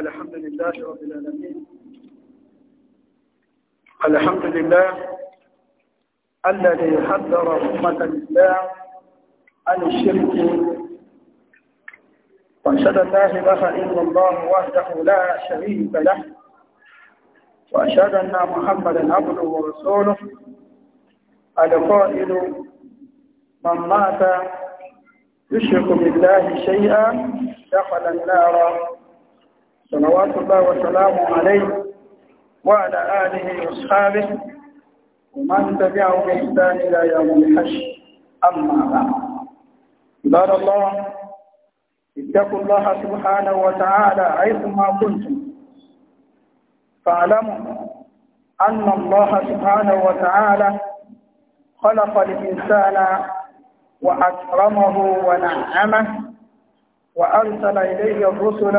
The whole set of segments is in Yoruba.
الحمد لله رب العالمين الحمد لله الذي حذر أمة الإسلام عن الشرك وأشهد أن لا إله إلا الله وحده لا شريك له وأشهد أن محمدا عبده ورسوله القائل من مات يشرك بالله شيئا دخل النار صلوات الله وسلامه عليه وعلى آله وأصحابه ومن تبعه بإحسان إلى يوم الحشر أما بعد عباد الله اتقوا الله سبحانه وتعالى حيثما كنتم فاعلموا أن الله سبحانه وتعالى خلق الإنسان وأكرمه ونعمه وأرسل إليه الرسل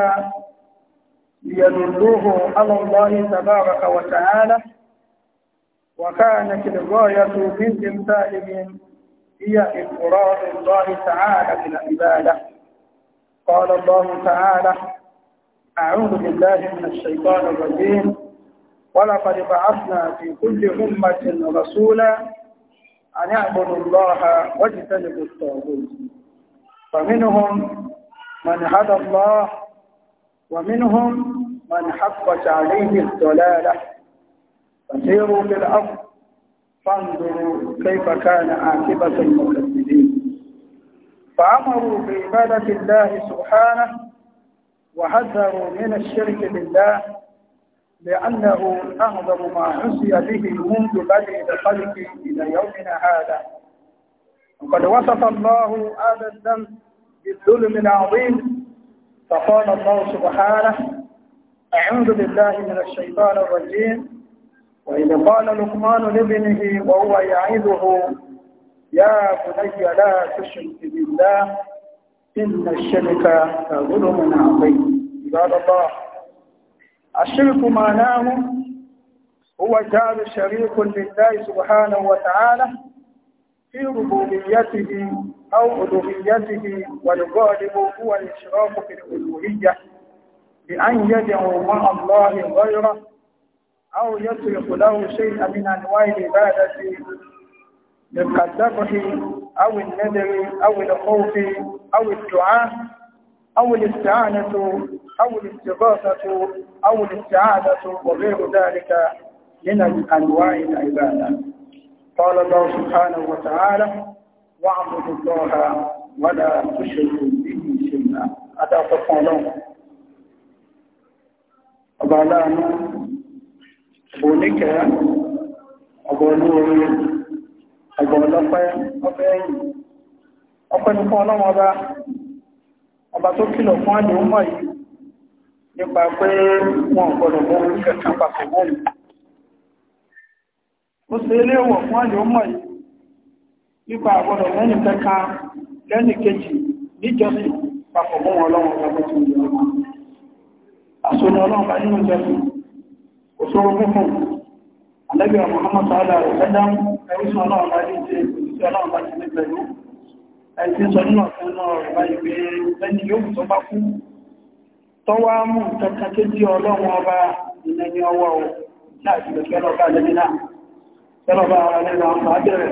يدله على الله تبارك وتعالى وكانت الغاية من تمثالهم هي إقرار الله تعالى بالعبادة قال الله تعالى أعوذ بالله من الشيطان الرجيم ولقد بعثنا في كل أمة رسولا أن يعبدوا الله واجتنبوا الطاغوت فمنهم من هدى الله ومنهم من حقت عليه الضلالة فسيروا في الأرض فانظروا كيف كان عاقبة المكذبين فأمروا بعبادة الله سبحانه وحذروا من الشرك بالله لأنه أعظم ما عصي به منذ بدء الخلق إلى يومنا هذا وقد وصف الله هذا الذنب بالظلم العظيم فقال الله سبحانه أعوذ بالله من الشيطان الرجيم وإذ قال لقمان لابنه وهو يعظه يا بني لا تشرك بالله إن الشرك لظلم عظيم عباد الله الشرك معناه هو جعل شريك لله سبحانه وتعالى في ربوبيته a obodo i adịghị wadale ciri ọkụ kero idia ị anyị yadị wụ nwa hi onye aya tụ oo ahụ se aiaa n kabụghị awụl ụ awl tteatụ awụl etite ahụ atụ ọ godoada aanwanyị na ibaalọọ sua atahara واعبدوا الله ولا تشركوا به شيئا هذا تقولون ọba aláàánú ọba oníkẹ́ ọba ọba ọlọ́wọ́ ọba ọba tó fún ọmọ yìí nípa pé wọn mọ́ orí kẹta pàtàkì ó fún ọmọ yìí nípa àgbọ̀dọ̀ lẹ́nì kẹka lẹ́nì kejì níjọsìn papọ̀ mọ́ ọlọ́run ọ̀gbọ̀n tó yẹ ọmọ àṣọ́nà ọlọ́run bá nínú jẹ́sìn kò sóró fúnfún alẹ́bí ọmọ ọmọ sáàdà rẹ̀ sẹ́dám ẹrúsùn ọlọ́run bá ní ṣe òṣìṣẹ́ ọlọ́run bá ti ní pẹ̀lú ẹ̀sì sọ nínú ọ̀sán náà rẹ̀ báyìí pé lẹ́ni yóò tó bá kú tọ́wá mú kẹta kéjì ọlọ́run ọba ìlẹ́ni ọwọ́ ò láti lè kẹ́lọ́ bá lẹ́ni náà kẹ́lọ́ bá ara lẹ́nu àwọn àbẹ̀rẹ̀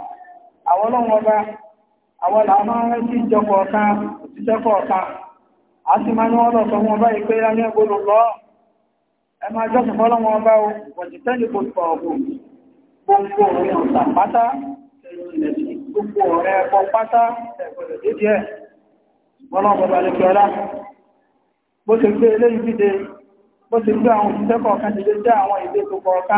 àwọn ọlọ́run ọba àwọn làwọn máa ń rẹ́ sí ìjọpọ̀ ọ̀kan òṣìṣẹ́pọ̀ ọ̀kan a sì máa ń wọ́n lọ sọ wọn ọba ìpé ní ẹgbọ́n lọ ẹ máa jọ́sùn fọ́lọ́wọ́n ọba o òṣìṣẹ́lẹ̀ kò sọ ọ̀gbọ̀n gbogbo ọ̀rẹ́ ọ̀sà pátá gbogbo ọ̀rẹ́ ẹ̀kọ́ pátá ẹ̀gbọ̀n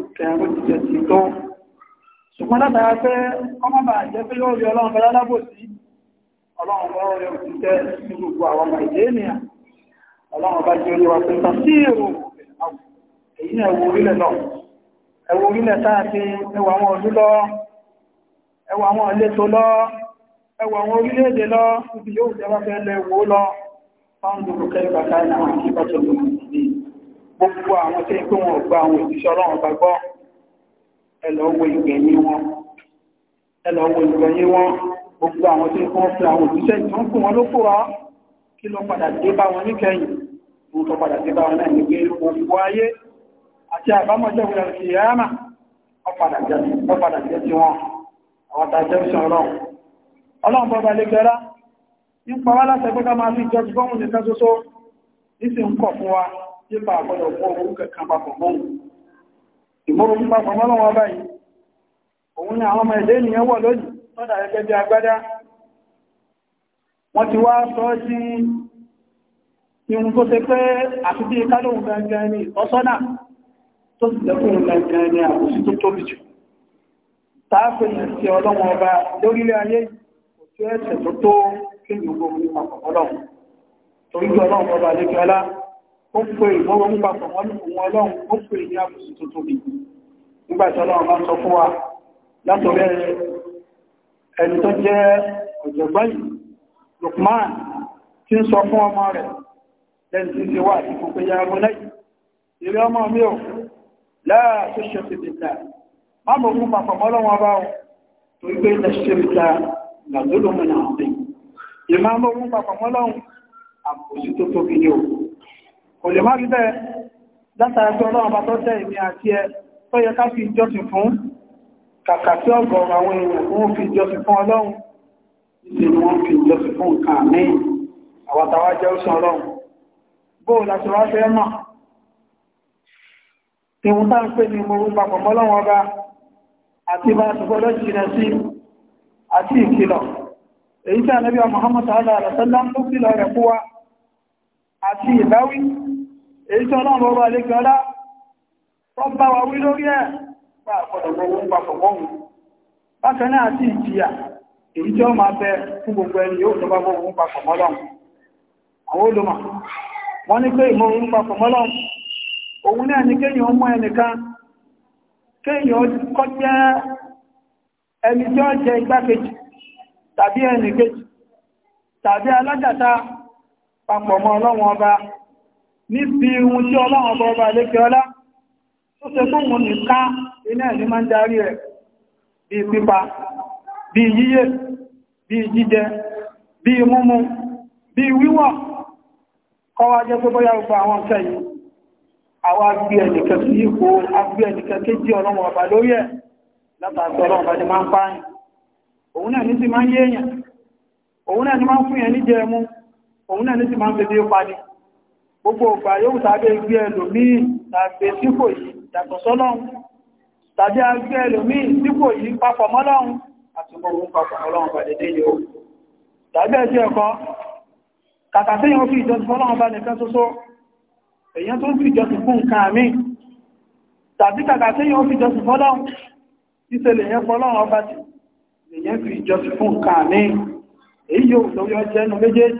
tẹ̀rù jíjẹ sí tó ṣùgbọ́n látara pé ọmọ bà jẹ́ pé yóò rí ọlọ́run bẹ̀rẹ̀ lábòsí ọlọ́run bọ́ rẹ̀ òtítẹ́ sí gbogbo àwọn ọmọ ìdí ènìyàn ọlọ́run bá jẹ́ oríwá pé tàbí èrò èyí náà ẹwọ orílẹ̀ lọ ẹwọ orílẹ̀ táàkì ẹwọ àwọn ọdún lọ ẹwọ àwọn ìletò lọ ẹwọ àwọn orílẹ̀-èdè lọ ibi yóò jẹ́ ẹlọ́wọ́ ìgbẹ̀yìn wọn ẹlọ́wọ́ ìgbẹ̀yìn wọn gbogbo àwọn tí wọ́n fi àwọn òṣìṣẹ́ tí wọ́n kún wọn ló kóra kí ló padà dé bá wọn níkẹyìn wọ́n tó padà dé bá wọn náà ní pé òfò ayé àti àbámọ́jọ́ ìrìn àti ìyáàmà ọ̀padà jẹ́ ti wọn àwọn tàbí ẹ̀sùn ọlọ́run ọlọ́run bọ́ba lè gẹ́rá nípa wá láti ẹgbẹ́ ká máa fi jọjú bọ́ọ̀mù nìkan ṣoṣo ní sì ń kọ̀ fún wa nípa àgbọ́dọ̀ fún owó kẹkàn papọ̀ bọ́ọ̀mù ìmúrù ń papọ̀ mọ́lọ́wọ́ báyìí òun ni àwọn ọmọ ẹ̀dẹ́ ènìyàn wọ̀ lónìí tọ́dà gẹ́gẹ́ bí agbádá wọ́n ti wá sọ sí ihun tó ṣe pé àti bí kálóhun gangan ni ìtọ́sọ́nà tó sì lẹ́kùn gangan ni àkùsí tó tóbi jù tààfihàn sí ọlọ́wọ́ ọba lórílẹ̀ ayé òtú ẹ̀sẹ̀ tó tó kéyìn ogun ní papọ̀ mọ́lọ́wọ́ torí ọlọ́wọ́ ọba lẹ́kẹ́ ọlá ó pè ìmọ́rọ̀ ń papọ̀ ní òun ọlọ́run ó pè ní àbùsù tó tóbi nígbà ọlọ́run bá sọ fún wa látọ̀rẹ́ ẹni tó jẹ́ ọ̀jọ̀gbọ́n yìí Lukman tí ń sọ fún ọmọ rẹ̀ lẹ́ni tí ti wà ní pípẹ́ ya ọmọ lẹ́yìn ìrí ọmọ mi ò láà tó ṣe fi má mọ̀ fún papọ̀ mọ́ lọ́wọ́ bá wọn tó gbé ilẹ̀ ṣe fi ta mọ́ lọ́wọ́ àbùsù tó kò lè má rí bẹ́ẹ̀ látara pé ọlọ́run bá tó tẹ́ ìmí àti ẹ tó yẹ ká fi ìjọsìn fún kàkà sí ọgọ̀rọ̀ àwọn èèyàn wọ́n fi ìjọsìn fún ọlọ́run ìṣe ni wọ́n fi ìjọsìn fún nǹkan àmì àwàtàwà jẹ́ òṣàn ọlọ́run bóò láti wá fẹ́ mọ̀ ìwọ̀n tá ń pè ní mo rúpa pọ̀ mọ́lọ́wọ́ ọba Muhammad sallallahu alaihi wasallam ń lọ rẹ̀ fún wa àti ìbáwí èyí tí ọlọ́run ọba lè gbọ́lá tó bá wa wí lórí ẹ̀ bá àpọ̀dọ̀gbọ̀ ohun papọ̀ mọ́hun bákan náà sí ìjìyà èyí tí ó máa bẹ fún gbogbo ẹni yóò tó bá bọ́ ohun papọ̀ mọ́lọ́run àwọn olùmọ̀ wọ́n ní pé ìmọ̀ ohun papọ̀ mọ́lọ́run òun náà ni kéèyàn mọ́ ẹnìkan kéèyàn kọ́ jẹ́ ẹni tí ó jẹ igbákejì tàbí ẹnìkejì tàbí alájàta papọ̀ mọ́ ọlọ́run ọba níbi ohun tí ọlọ́run ọba ọba lékẹ́ ọlá tó ṣe fún òun nìká iná ẹ̀ní máa ń darí rẹ̀ bí pípa bí yíyẹ bí jíjẹ bí múmu bí wíwọ̀ kọwa jẹ́ pé bóyá gbogbo àwọn nǹkan yìí àwa gbé ẹnìkan sí ipò agbé ẹnìkan kéjì ọlọ́run ọba lórí ẹ̀ látàgbé ọlọ́run ọba ti máa ń pààyàn gbogbo ọgbà yóò tàbí ẹgbẹ́ ẹlòmíì tàbí sípò yìí yàtọ̀ sọ́lọ́run tàbí ẹgbẹ́ ẹlòmíì sípò yìí papọ̀ mọ́lọ́run àti gbogbo papọ̀ mọ́lọ́run pàdédé yóò tàbí ẹjẹ́ ẹ̀kọ́ kàkà tí yóò fi ìjọsìn fọ́lọ́run bá nìkan ṣoṣo èyàn tó ń fi ìjọsìn fún nǹkan àmì tàbí kàkà tí yóò fi ìjọsìn fọ́lọ́run ìṣẹ̀lẹ̀ yẹn fọ́lọ́run ọba ti èyàn fi ìjọsìn fún nǹkan àmì èyí yóò lórí ọjẹ́ ẹnu méjèèjì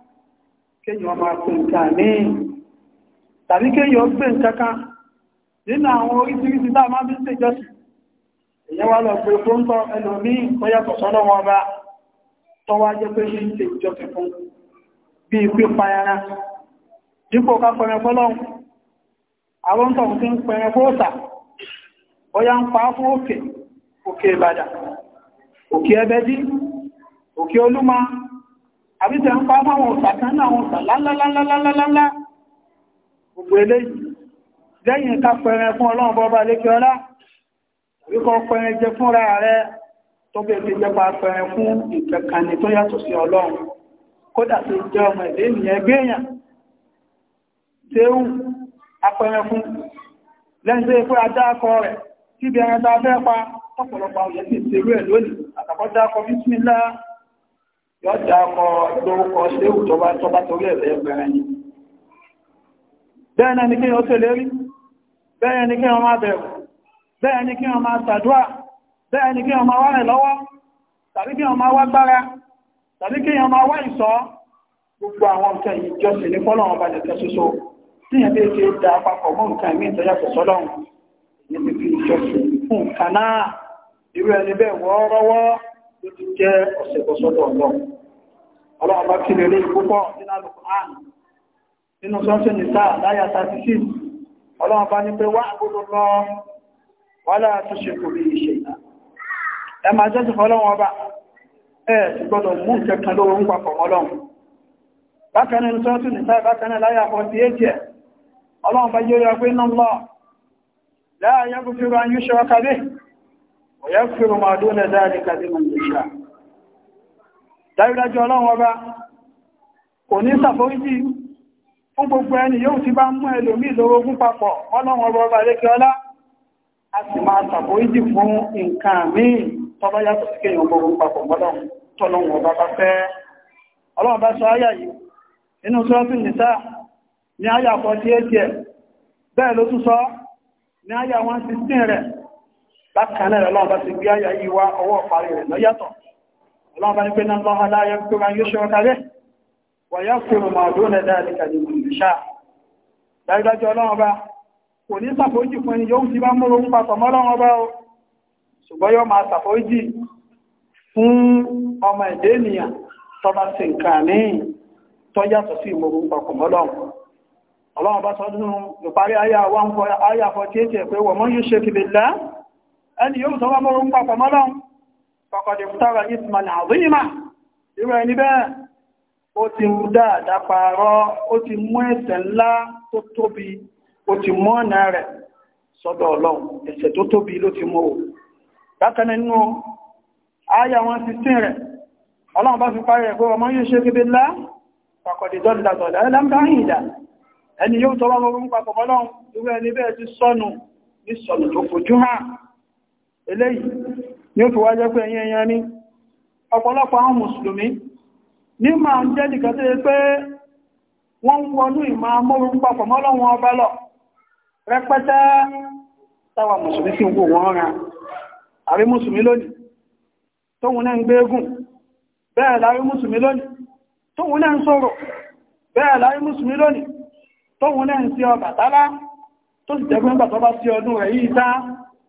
kéyàn máa pè nǹkan ní tàbí kéyàn gbé nǹkankan nínú àwọn oríṣiríṣi tá máa bí ṣèjọsìn èyàn wá lọ pé fún tọ́ ẹlòmíì tó yàtọ̀ sọ́lọ́ wọn bá tó wá jẹ́ pé ń ṣe ìjọsìn fún bí pé payara dípò ká pẹ̀rẹ̀ fọ́lọ́hun àwọn ti ń pẹ̀rẹ̀ ń pa fún òkè òkè òkè ẹbẹ́dí àbíṣẹ́ ń pa máwọn ọ̀sàkán náà wọn sàlálálálálálá gbogbo eléyìí lẹ́yìn ká pẹrẹ fún ọlọ́run bọ́bá lékè ọlá wíkọ́ pẹrẹ jẹ fúnra rẹ tó bẹ́ẹ̀ ti jẹpa pẹrẹ fún ìkẹkànnì tó yàtọ̀ sí ọlọ́run kódà tó jẹ ọmọ ẹ̀dẹ́ ènìyàn ẹgbẹ́ èèyàn tẹ́wù apẹrẹ fún lẹ́yìn tó yẹ pé ajá akọ rẹ̀ síbi ẹran tá a fẹ́ pa tọ́pọ̀lọpọ̀ àwọn yẹn ti ṣerú ẹ̀ lónìí àtàkọ́já akọ bísmìlá yọjà ọkọ̀ lórúkọ ṣéwù tó bá tọ́bá torí ẹ̀rẹ́ ẹgbẹ̀rẹ̀ yìí bẹ́ẹ̀ ni kí wọ́n tó lérí bẹ́ẹ̀ ni kí wọ́n máa bẹ̀rù bẹ́ẹ̀ ni kí wọ́n máa ṣàdúrà bẹ́ẹ̀ ni kí wọ́n máa wá rẹ̀ lọ́wọ́ tàbí kí wọ́n máa wá gbára tàbí kí wọ́n máa wá ìṣọ́ gbogbo àwọn nǹkan ìjọsìn ní fọ́lọ́run bá nìkan ṣoṣo tí yẹn bí ṣe da papọ̀ mọ́ nǹkan ìmí ìtọ́jàpọ̀ sọ́lọ́run ní ti fi ìjọsìn fún nǹkan náà ẹni bẹ́ẹ̀ wọ́ọ́rọ́wọ́ ló ti jẹ́ ọ̀sẹ̀kọ̀sọ́dọ̀ ọlọ́run ọlọ́run bá kí lélẹ́ púpọ̀ nínú alukuran nínú sọ́ọ̀sẹ̀ nìta láyà 36 ọlọ́run bá ní pé wá àgbòdò lọ wà láà tó ṣe kò rí iṣẹ́ ìlà ẹ máa jẹ́ sí fọlọ́run ọba ẹ ti gbọ́dọ̀ mú ìkẹkàn lówó ń papọ̀ mọ́lọ́run bákan nínú sọ́ọ̀sẹ̀ nìta bákan náà láyà 48 ọlọ́run bá yóò yọ pé náà lọ láà yẹ ويغفر ما دون ذلك لمن يشاء dájúdájú ọlọ́run ọba kò ní ṣàforíjì fún gbogbo ẹni yóò ti bá mú ẹlòmí ìlòrò ogun papọ̀ ọlọ́run ọba ọba lékẹ́ ọlá a sì máa ṣàforíjì fún nǹkan míì tọ́bá yàtọ̀ sí kéèyàn ogun papọ̀ ọlọ́run ọba bá fẹ́ ọlọ́run bá sọ bákan náà lọ́wọ́ bá ti gbé àyà yìí wá ọwọ́ parí rẹ̀ lọ́yàtọ̀ ọlọ́wọ́ bá ní pé náà lọ́wọ́ aláyẹ tó máa yóò ṣọ́ra rẹ̀ wọ̀yá fún ọmọ ọdún náà dáadé kàdé ìṣà dájúdájú ọlọ́wọ́ bá kò ní ṣàforíjì fún ẹni yóò ti bá mú ohun papọ̀ mọ́ lọ́wọ́ bá o ṣùgbọ́n yóò máa ṣàforíjì fún ọmọ ẹ̀dá ènìyàn tó bá sì ní tó yàtọ̀ sí ìmọ̀ ohun papọ̀ mọ́ lọ́wọ́ ọlọ́wọ́ ẹni yóò tọ́wọ́ mọ́rún papọ̀ mọ́lọ́n pàkọ̀dẹ̀ mútàrà isman àríma irú ẹni bẹ́ẹ̀ ó ti mú dáadáa pààrọ̀ ó ti mú ẹ̀ṣẹ̀ ńlá tó tóbi ó ti mú ọ̀nà rẹ̀ sọ́dọ̀ ọlọ́run ẹ̀ṣẹ̀ tó tóbi ló ti mú o bákan nínú ayà wọn ti sín rẹ̀ ọlọ́run bá fi parí ẹ̀kọ́ ọmọ yóò ṣe kébé ńlá pàkọ̀dẹ̀ dọ́dà dọ́dà ní sọnù tó fojú hàn eléyìí ni ó fi wájẹ́ pé ẹ̀yìn ẹ̀yàn ní ọ̀pọ̀lọpọ̀ àwọn mùsùlùmí ní ma ń jẹ́ nìkan tó yẹ pé wọ́n ń wọnú ìmá mọ́rún papọ̀ mọ́lọ́wọ́n ọba lọ rẹpẹtẹ táwa mùsùlùmí sí gbò wọ́n ra àrí mùsùlùmí lónìí tóhun náà ń gbégùn bẹ́ẹ̀ lárí mùsùlùmí lónìí tóhun náà ń sọ̀rọ̀ bẹ́ẹ̀ lárí mùsùlùmí lónìí tóhun náà ń sí Ọbàtálá tó sì jẹ́ pé ń gbàtọ́ bá sí ọdún rẹ̀ yìí tán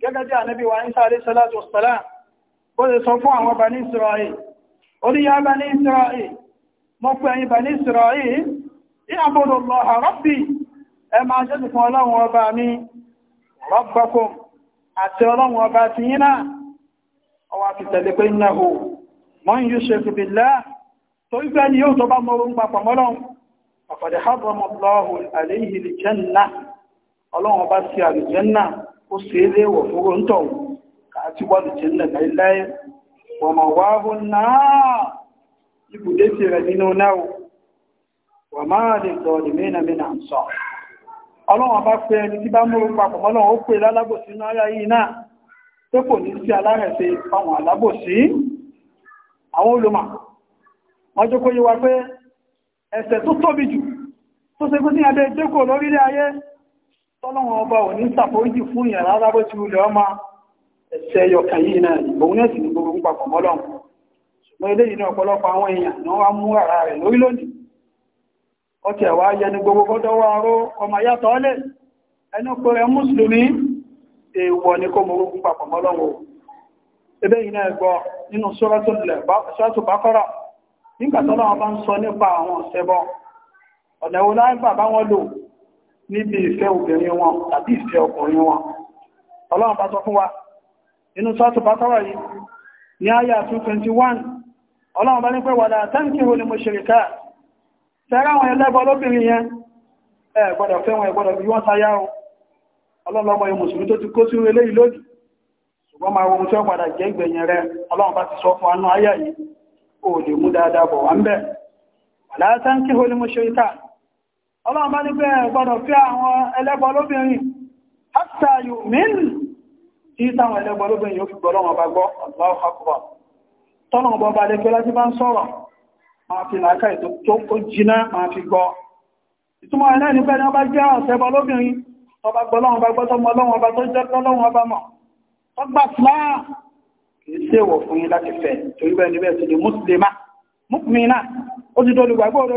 gẹ́gẹ́ bí ànábì wa ń sáré salatu wasala ó lè sọ fún àwọn bani israel oníyà bani israel mọ́ pé ẹ̀yin bani israel i'budu Allaha rabbi ẹ máa ṣe fún ọlọ́run ọba mi rabbakum àti ọlọ́run ọba ti yín náà ọwà fi tẹ̀lé pé ó ṣe é léwọ̀ a ń tọ̀hún káàtí wọ́lù jẹ́ nílẹ̀ láíláí wọ̀mọ̀ wá hó náà ti rẹ̀ nínú náà wọ̀ máa lè tọ̀ lè mẹ́nà mẹ́nà ń sọ ọlọ́wọ̀n bá pẹ́ ẹni tí bá mú papọ̀ mọ́lọ́wọ́n ó pè lálábòsí náà yá yìí náà tó kò ní sí alábòsí àwọn jókòó pé tọ́lọ́wọ́n ọba ò ní sàforíjì fún ìyàn rárá bó ti wulẹ̀ ọmọ ẹ̀ṣẹ̀ yọkàn yìí náà ìgbòhun náà sì ní gbogbo ń papọ̀ mọ́lọ̀ ṣùgbọ́n eléyìí ní ọ̀pọ̀lọpọ̀ àwọn èèyàn ní wọ́n mú ara rẹ̀ lórí lónìí ọtí ẹ̀wà yẹni gbogbo gbọ́dọ̀ wá ró ọmọ yàtọ̀ ọlẹ̀ ẹnu pé rẹ̀ mùsùlùmí èèwọ̀ ni kó mọ̀rú ń papọ̀ mọ́lọ́wọ́ ebe yìí náà gbọ́ nínú sọ́rọ̀tù bákọ́rọ̀ nígbàtọ́lọ́wọ́ bá ń sọ nípa àwọn ọ̀sẹ̀bọ ọ̀nà ìwòlá ń bà bá wọn lò níbi ìfẹ́ obìnrin wọn tàbí ìfẹ́ ọkùnrin wọn ọlọ́run bá sọ fún wa inú sọ́tù bátọ́rọ̀ yìí ní àyà 221 ọlọ́run bá ní pé wàdà tánkì hù ní mo ṣe rìká tẹ́rà wọn ẹlẹ́bọ lóbìnrin yẹn E gbọ́dọ̀ fẹ́ wọn ẹgbọ́dọ̀ bí wọ́n sáyá o ọlọ́run bá ní pé ẹgbọ́dọ̀ fẹ́ àwọn ẹlẹ́bọ lóbìnrin hátà yóò mìín tí táwọn ẹlẹ́bọ lóbìnrin yóò fi gbọ́lọ́wọ́n bá gbọ́ ọ̀dọ́ tọ́nà ọgbọ́ bá lẹ́gbẹ́ láti bá ń sọ̀rọ̀ máa fi làákà ètò tó kó jiná máa fi gbọ́ ìtumọ̀ ẹ̀nà ní pẹ́ni ọba jẹ́ ọ̀sẹ̀bọ lóbìnrin tọba gbọ́lọ́wọ́n bá gbọ́tọ́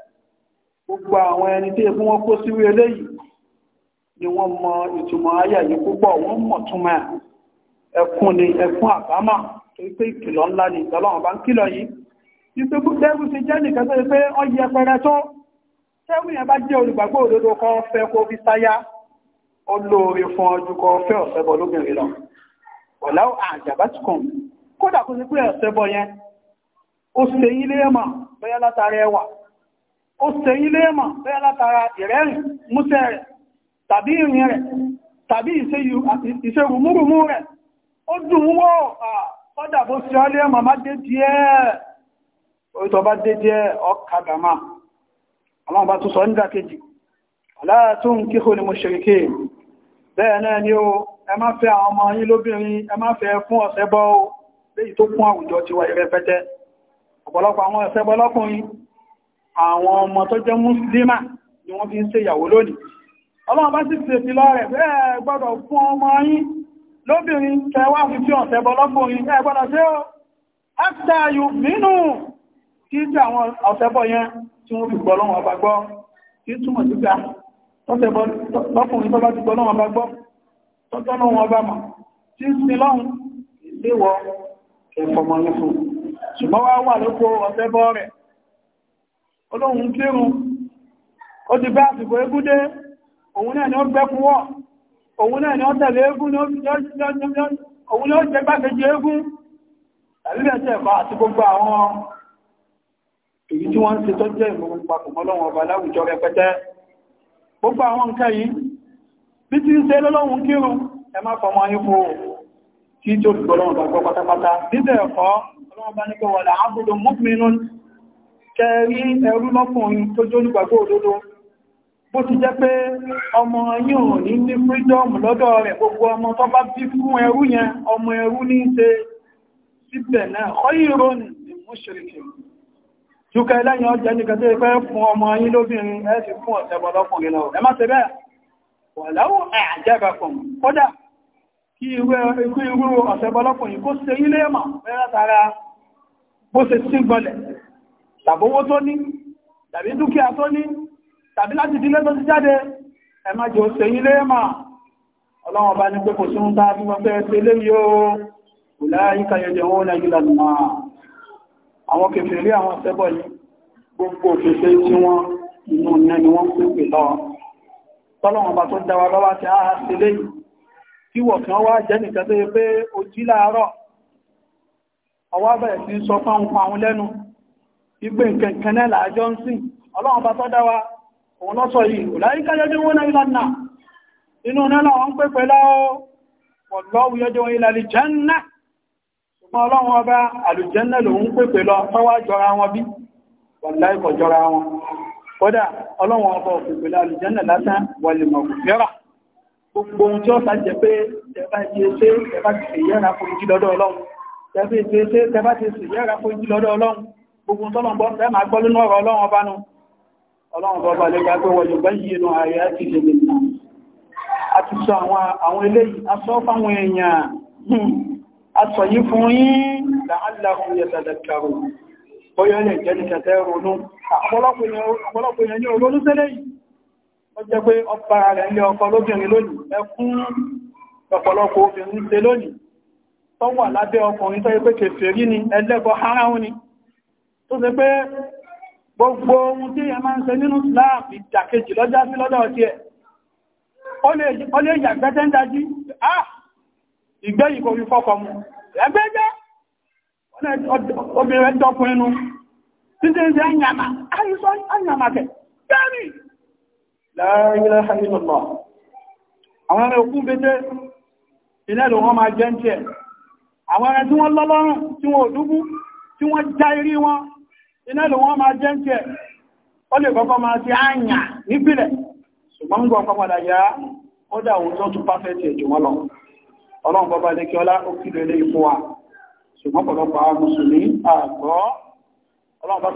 gbogbo àwọn ẹni tí fún wọn kó síwé eléyìí ni wọ́n mọ ìtumọ̀ ayà yìí púpọ̀ wọ́n mọ̀ túnmọ̀ ẹkún ni ẹkún àbámọ̀ tó pé ìkìlọ̀ ńlá ni ìtọ́lọ́wọ̀n bá ń kìlọ̀ yìí wípé dẹ́gùn ti jẹ́ nìkan tó pé ọ yẹ pẹrẹ tó tẹ́gùn yẹn bá jẹ́ olùgbàgbọ́ òdodo kan fẹ́ kó fi sáyá ó lóore fún ọjọ́ kan fẹ́ ọ̀sẹ́bọ̀ ẹwà ó ṣe ilé mọ̀ bẹ́ẹ̀ látara ìrẹ́rìn músẹ́ rẹ̀ tàbí ìrìn rẹ̀ tàbí ìṣe rùmúrùmú rẹ̀ ó dùn wó ọdà bó ṣe ọlé mọ̀ má dé díẹ̀ òtọ́ bá dé díẹ̀ ọkàgàmá àwọn bá tún ni mo ṣerike bẹ́ẹ̀ náà ni ó ẹ má fẹ́ àwọn ọmọ yín lóbìnrin ẹ má fẹ́ fún ọ̀sẹ́bọ́ léyìí àwọn ọmọ tó jẹ́ múslímà ni wọ́n fi ń ṣe ìyàwó lónìí ọlọ́run bá sì ṣe fi lọ́rẹ̀ bẹ́ẹ̀ gbọ́dọ̀ fún ọmọ yín lóbìnrin kẹwàá fi fi ọ̀sẹ̀ bọ́ lọ́kùnrin ẹ gbọ́dọ̀ ṣe ó áfíta ayò nínú kí tí àwọn ọ̀sẹ̀ bọ́ yẹn tí wọ́n fi gbọ́ lọ́wọ́ ọba gbọ́ kí túmọ̀ sí pé lọ́kùnrin tó bá ti gbọ́ lọ́wọ́ ọba gbọ́ tọ́tọ́ lọ́wọ́ ọba mọ̀ tí ń sin lọ́hun ìléwọ́ ẹ̀fọ̀mọ̀ ṣùgbọ́n wá wà lóko ọ̀sẹ̀ bọ́ rẹ̀ olóhun kírun ó ti bá àsìkò égúdé òun náà ni ó gbẹ́kúnwọ́ òun náà ni ó tẹ̀lé égún òun ni ó jẹ gbákejì égún tàbí ẹ̀tẹ́ ẹ̀kọ́ àti gbogbo àwọn èyí tí wọ́n ń ṣe tó jẹ́ ìmọ̀rún papọ̀ lọ́wọ́ ọba láwùjọ rẹpẹtẹ gbogbo àwọn nǹkan yìí bí tí ń ṣe lọ́lọ́hun kírun ẹ má fọmọ yín fún tí tí ó fi gbọ́lọ́wọ́ bá gbọ́ pátápátá bí bẹ́ẹ̀ kọ́ ọlọ́wọ́ bá ní pé wọ́n là á gbọ́dọ̀ mọ́kùnrin tẹ́rí ẹrú lọ́kùnrin tó jó nígbàgbọ́ òdodo bó ti jẹ́ pé ọmọ yíò ní ní freedom lọ́dọ̀ rẹ̀ gbogbo ọmọ tó bá bí fún ẹrú yẹn ọmọ ẹrú ní ṣe síbẹ̀ náà ọ́yìnrún ni mú ṣìrìkì ṣúkẹ́ lẹ́yìn ọjọ́ ní kẹta ìfẹ́ fún ọmọ yín lóbìnrin ẹ ti fún ọ̀tẹ́bọ̀ lọ́kùnrin lọ ẹ má ṣe bẹ́ẹ̀ wọ̀láwó àjẹ́bàkùn kódà kí irú ọ̀tẹ́bọ̀ lọ́kùnrin kó tàbówó tó ní tàbí dúkìá tó ní tàbí láti dílé tó ti jáde ẹ má jẹ́ òṣè yín léèmà ọlọ́wọ́n bá ní pé kò sún tá fún ọgbẹ́ ẹsẹ̀ léyìí o ni wọ́n pèpè lọ tọ́lọ́wọ́n bá tó dáwà lọ́wọ́ ti áhà sí léyìí tí wọ̀ kan wá jẹ́ nìkan tó yẹ pé ojú láàárọ̀ ọwọ́ bẹ̀rẹ̀ sí sọ fáwọn pa àwọn lẹ́nu ìgbé nǹkan kan náà làájọ́ ń ọlọ́run bá tọ́dá wa òun lọ́sọ̀ yìí òláyíká yọjọ́ wọn náà ìlànà inú náà làwọn ń pè pẹ̀lá ọlọ́run yọjọ́ wọn ìlàlì jẹ́nà ṣùgbọ́n ọlọ́run ọba àlùjẹ́nà lòun pè pẹ̀lọ tọ́wà jọra wọn bí wàláìkọ̀ jọra wọn kódà ọlọ́run ọba òfin pẹ̀lú àlùjẹ́nà lásán wọlé mọ̀kùnfẹ́rà gbogbo ohun tí ó sá jẹ pé tẹbá ti gbogbo tọ́lọ̀gbọ́ fẹ́ máa gbọ́ lónú ọ̀rọ̀ ọlọ́run ọba nù ọlọ́run bọ́bá lè gbá pé wọ́n yóò yìí nù ààrẹ àti ìṣẹ̀lẹ̀ nà a ti sọ àwọn eléyìí a sọ fáwọn èèyàn a sọ yí fún yín láàrín yẹ̀sàdàkàrò bóyọ́ lè jẹ́ nìkẹtẹ́ ronú ọ̀pọ̀lọpọ̀ èèyàn ní olóòlú tẹ́lẹ̀ yìí ó jẹ́ pé ọpa rẹ̀ ilé ọkọ lóbìnrin lónìí ẹkún ọ̀pọ̀lọpọ̀ obìnrin tẹ lónìí tó wà lábẹ́ ọkùnrin tó yẹ pé kèfèrí ni ẹlẹ́bọ̀ haráhún ni tó ṣe pé gbogbo ohun tí ẹ máa ń ṣe nínú Islam ìdàkejì lọ́jà sí lọ́dọ̀ ọtí ẹ̀ ó lè yà gbẹ́tẹ́ ń dají ah ìgbẹ́ yìí kò fi fọ́kọ̀ mu ẹgbẹ́jẹ́ obìnrin dọ́kùnrin nu títí ṣe àyàmà àyíṣọ́ ah, àyàmà kẹ gẹ́rì láàrín àyíṣọ́lọ́ àwọn ẹ̀rẹ́ òkú bẹ́tẹ́ ilẹ̀ ló wọ́n máa jẹ́ ń tẹ́ àwọn ẹ̀rẹ́ tí wọ́n lọ́lọ́rùn tí wọ́n òdúgbú tí wọ́n já irí wọn iná ló wọ́n máa jẹ́ ń tẹ́ ó lè kọ́kọ́ máa ti àyà nípìlẹ̀ ṣùgbọ́n gbọ́n pápádà yá ó dà òun tó tún pàfẹ́tì ẹ̀jù wọn lọ ọlọ́run bọ́bá lè kí ọlá ó kílò ilé ipò wa ṣùgbọ́n pọ̀lọpọ̀ àwọn mùsùlùmí àgbọ́ ọlọ́run bá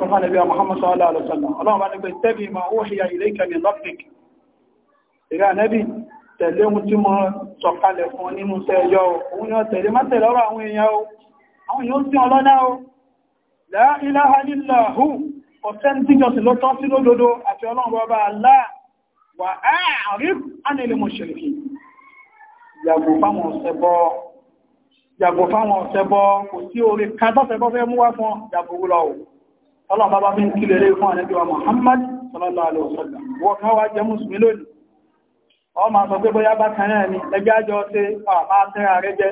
sọ fún mo sọ̀kalẹ̀ fún nínú sẹ́yọ òun yóò tẹ̀lé má tẹ̀lé ọ̀rọ̀ la ilaha illa hu ọ̀tẹ́ntíjọsì ló tọ́ sí lódodo àti ọlọ́run bàbá Allah wà a'rif 'anil mushrikeen yàgò fáwọn ọ̀sẹ̀bọ́ kò sí orí kátọ́sẹ̀bọ́ fẹ́ mú wá fún yàgò wúlọ ọlọ́run bàbá fi ń kílèrè fún ànẹ́bíwa Muhammad sallallahu alaihi wasallam wọ́n kan wá jẹ́ mùsùlùmí lónìí ọ ma sọ pé bóyá bá kan náà ni ẹgbẹ́ àjọ ṣe àmà tẹ́ra rẹ jẹ́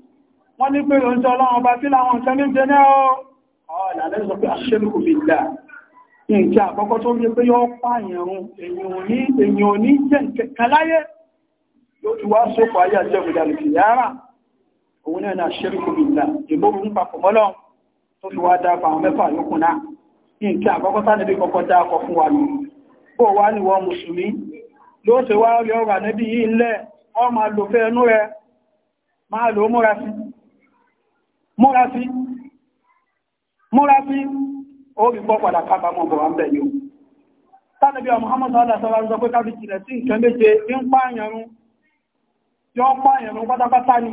wọ́n ní pé oúnjẹ ọlọ́run ọba tí láwọn nǹkan ní jẹ́ náà ọ̀là lẹ́sọ pé aṣẹ́lùkù fi dà nǹkan àkọ́kọ́ tó rí pé yọ́ pààyàn èyàn ò ní jẹ́ nǹkan láyé ló ti wá sókò ayé àti ẹ̀kùdà lè fi yára òun náà ní aṣẹ́lùkù wa ní bó wá ní wọ́n mùsùlùmí ló ṣe wá rí ọ̀rọ̀ múra sí múra sí orí gbọ́ padà kábàmọ̀ bọ̀ wọ́n bẹ̀yìn tánàbí Muhammad sọ́dá sọ́dá sọ pé kábí jìnà sí nǹkan méje ní ń pààyànrún yọ pààyànrún pátápátá ni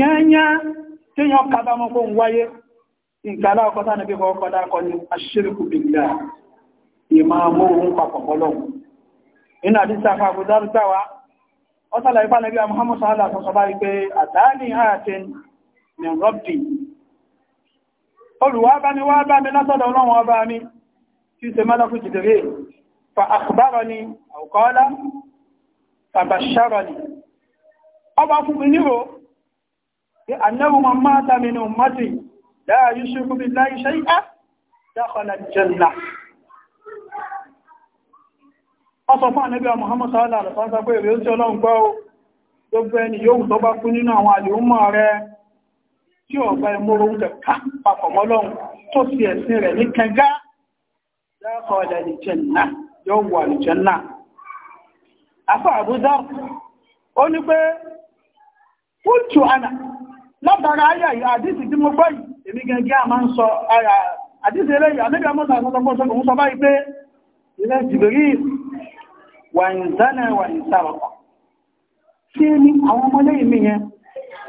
yányá tí yọ kábàmọ̀ kó ń wáyé nǹkan aláwọ̀kọ́ tánàbí kọ́kọ́ dákọ́ ni aṣíríkù billah ìmọ̀ amóhun papọ̀ bọ́lọ́wọ́ inú àdísà fàbùdárútàwà ọ́sàlà ìpánàbí Muhammad sọ́dá sọ́dá sọ́dá ní rọ́bì olùwábáni wá bá mi lásọ́dọ̀ ọlọ́run ọba mi tí ṣe mọ́lọ́kù jìdìrí fa àkùbárọ̀ ni àwùkọ́ọ́lá tàbàṣàrọ̀ ni ọba fún mi níro bí annabu ma máa tàbí ní ummati láà yí ṣúkú bí láì ṣe á dákọ̀lá jẹ́lá ọsọ fún ànábí wa Muhammad sallallahu alaihi pé èrè ó tí ọlọ́run gbọ́ gbogbo ẹni yóò tó bá nínú àwọn àlè tí ọ̀gbà ẹmọ́rọ̀ oúnjẹ ká papọ̀ mọ́lọ́run tó fi ẹ̀sìn rẹ̀ ní kẹgá dákọ̀ ọ̀dà ìjẹ̀nà yóò wọ àlùjẹ́nà afọ àbúdá ó ní pé kúùtù àná látara ayà yìí àdísì tí mo gbọ́ yìí èmi gẹ́gẹ́ a máa ń sọ ara eléyìí sọ báyìí pé ilẹ̀ wà ń zánà wà ń àwọn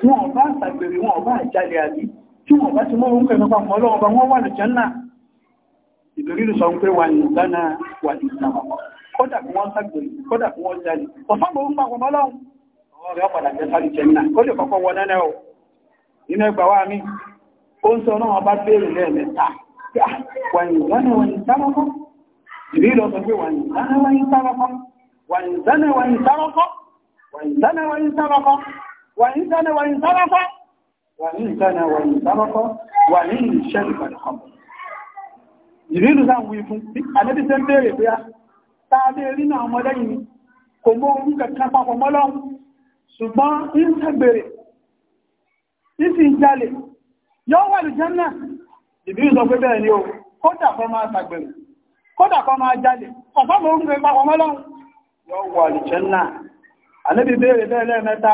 wọn ọba àgbèrè wọn ọba àjálẹ̀ àbí tí wọn bá ti mọ́ orúkọ ìfẹ́fà mọ́ lọ́wọ́ bá wọ́n wà lè jẹ́nà ìbìrìlù sọ pé wà ní ìgbàna wà ní ìsànà kódà kí wọ́n ṣàgbèrè kódà kí wọ́n jalè ọ̀sán gbòrú pa pọ̀ mọ́lọ́wọ́ ọ̀rẹ́ ọ̀padà jẹ́ sáré jẹ́nà ó lè kọ́kọ́ wọ nẹ́nẹ́ o nínú ẹgbà wa mi ó ń sọ náà bá béèrè lẹ́ẹ̀mẹ́ta ah, wà ní ìgbàna wà ní ìsànà ìbìrìlù sọ pé wà ní ìgbàna wà ní ìsànà وإن كان وإن طرف وإن كان وإن طرف وإن شرب الخمر ìrìnlú sáwọn wí fún àlébí tẹ́ ń bèèrè pé á tàbí rí náà ọmọdé yìí kò mọ́ orú kẹta papọ̀ mọ́lọ́run ṣùgbọ́n ń tẹ́gbèrè ìsì ń jalè yọ́ wà lù jẹ́ náà ìbírù sọ pé bẹ́ẹ̀ ni o kódà kọ́ máa tàgbèrè kódà kọ́ máa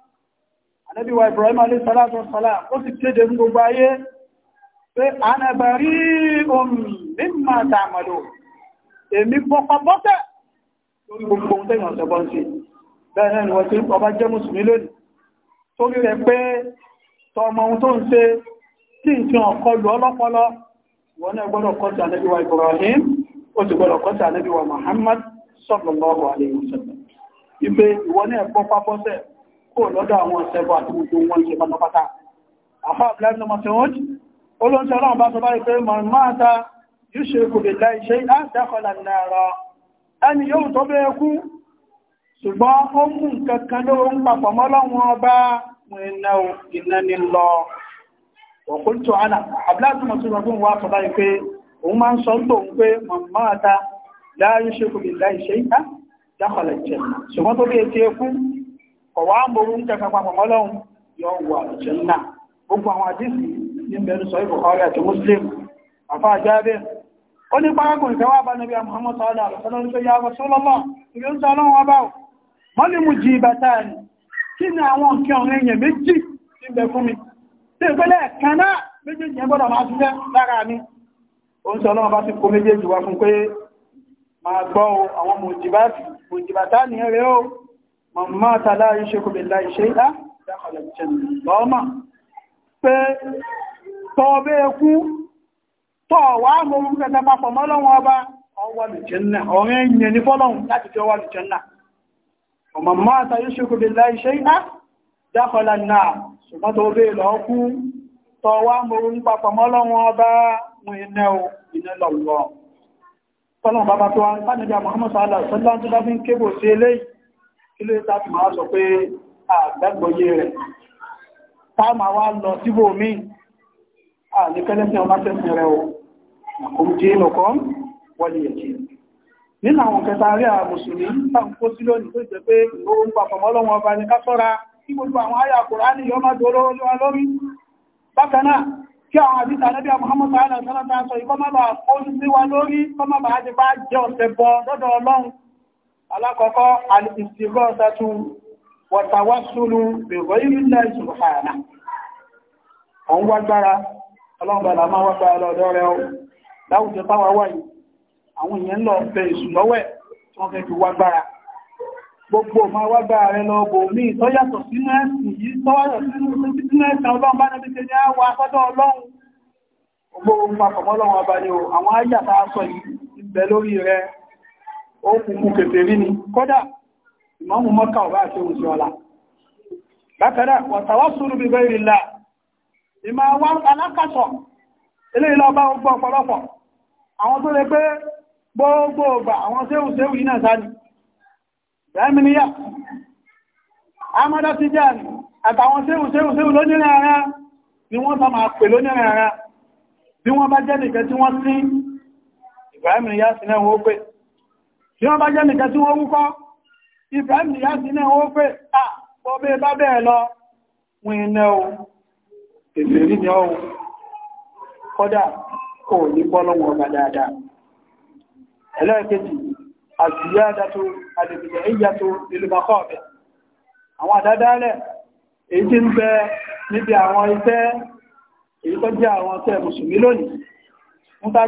Ànábì wa Ibrahim alayhi salatu wassalam ó sì kéde ní gbogbo ayé pé ana bari'un mimma ta'malun èmi bọ́pa bọ́tẹ̀ lórí gbogbo ohun tẹ́yàn ọ̀sẹ̀ bọ́n sí bẹ́ẹ̀ náà ni wọ́n tí ọba jẹ́ mùsùlùmí lónìí torí rẹ̀ pé tọmọ ohun tó wa Ibrahim ó sì gbọ́dọ̀ kọ́ wa Muhammad sallallahu alayhi wa sallam ipe ìwọ náà bọ́pa bọ́tẹ̀ kò lọ́dọ̀ àwọn ọ̀sẹ̀bọ̀ àti gbogbo wọn ṣe pátápátá àfá àbúlẹ́nu mọ̀sánwọ́jì olóńtẹ́ ọlọ́run bá sọ bá ipé mọ̀mọ́ta yóò ṣe kò lè láì ṣe àdákọ̀lá náà ẹni yóò tó bẹ́ẹ̀ kú ṣùgbọ́n ó mú nǹkan kan ló ń papọ̀ mọ́lọ́wọ́n ọba ìrìnà ìrìnà ni lọ ọ̀kúntù àná àbúlẹ́nu mọ̀sánwọ́jì wà sọ bá ipé tó ń pé mọ̀mọ́ta láàrín kọ̀wá mọ̀rún ń tẹ́ka papọ̀ mọ́lọ́run yọ wà jẹ́ náà gbogbo àwọn àdísì ní bẹ̀rù sọ ìbò kọ́rẹ́ àti muslim àfá àjábẹ́ ó ní párákùnrin tẹ́wà bá nàbí Muhammad sallallahu alaihi wasallam tó yá Rasulullah ìlú ń sọ ọlọ́run ọba mọ́lì mú jí bàtà ni kí ni àwọn nǹkan ọ̀rẹ́ èèyàn méjì ti bẹ̀ fún mi tí ìpínlẹ̀ kan náà méjèèjì yẹn gbọ́dọ̀ ó mọ̀mọ́ tàlá iṣẹ́ kò bè láì ṣe ìdá dákọ̀lẹ̀ jẹ́nà lọ́mà pé tọ́ọ̀bẹ́ ẹkú tọ́ọ̀wà mọ̀rún kẹta papọ̀ mọ́lọ́wọ́ ọba ọwọ́lùjẹ́nà ọ̀rẹ́ ìyẹn ní fọ́lọ́run láti fi ọwọ́lùjẹ́nà mọ̀mọ́ tàlá iṣẹ́ kò bè láì ṣe ìdá dákọ̀lẹ̀ náà ṣùgbọ́n tó bè lọ́kú tọ́ọ̀wà mọ̀rún papọ̀ mọ́lọ́wọ́ ọba mú iná iná lọ́wọ́ tọ́lọ̀ bàbá tó wá ilé tàbí máa sọ pé àgbẹ́gbọ̀yé rẹ̀ táàmà wá lọ síbò mí àníkẹ́lẹ́sìn ọmọ tẹ́sìn rẹ̀ o àkójí lọ́kọ́ wọlé ẹ̀jì nínú àwọn kẹta rí àwọn mùsùlùmí tàbí sí lónìí tó jẹ́ pé ìlú papọ̀mọ́ lọ́wọ́ ọba ní kásọ́ra kí gbogbo àwọn àyà Kùránì yọ máa dòró olúwa lórí bákanáà kí àwọn àbíta lẹ́bí àmúhámọ́ta àlàsánátà sọ ìkọ́mọ́bà ó sí wa lórí kọ́mọ́bà á ti bá jẹ́ ọ̀sẹ̀ bọ́ lọ́dọ̀ Ọlọ́run alákọ̀ọ́kọ́ alìsìgọ́sàtú wọ̀tàwásúlù bèèrè ilẹ̀ ìṣùgbọ̀hànà òun wágbára ọlọ́gbàlá máa wágbára lọ́dọ́ rẹ̀ láwùjọ táwà wáyé àwọn èèyàn lọ bẹ ìṣù lọ́wẹ́ tí wọ́n fẹ́ fi wágbára gbogbo ma wágbára rẹ̀ lọ bò ní ìtọ́yàtọ̀ sínú ẹ̀sìn yìí tọ́yàtọ̀ sínú ẹ̀sìn ọlọ́run ó kúkú kèfèrí ni kódà ìmọ́mù mọ́ká ọ̀bá àti òsì ọ̀la bákanáà wọ̀tàwọ́ sùúrù bí bẹ́ẹ̀rì là ìmọ̀ àwọn alákàtọ̀ ilé ìlọ bá ń gbọ́ ọ̀pọ̀lọpọ̀ àwọn tó lè pé gbogbo ọgbà àwọn séhù séhù yìí náà sáni bẹ́ẹ̀mìníyà amọ́dá ti jẹ́ àmì àtàwọn séhù séhù séhù lónìí ara ni wọ́n sọ máa pè lónìí ara bí wọ́n bá jẹ́ nìkan tí wọ́n sí ìgbà tí wọ́n bá jẹ́ nìkan tí wọ́n wúkọ́ Ibrahim nìyá sí náà ó pé à bọ́bẹ́ bá bẹ́ẹ̀ lọ wọn iná o èfèrí ni ọ́ kọ́dà kò ní bọ́lọ́wọ́ ọba dáadáa ẹlẹ́ẹ̀kejì àzíyádàtò àdìbìyà ìyàtò ìlúmọ̀kọ́ ọ̀bẹ̀ àwọn àdádálẹ̀ èyí tí ń bẹ níbi àwọn iṣẹ́ èyí tó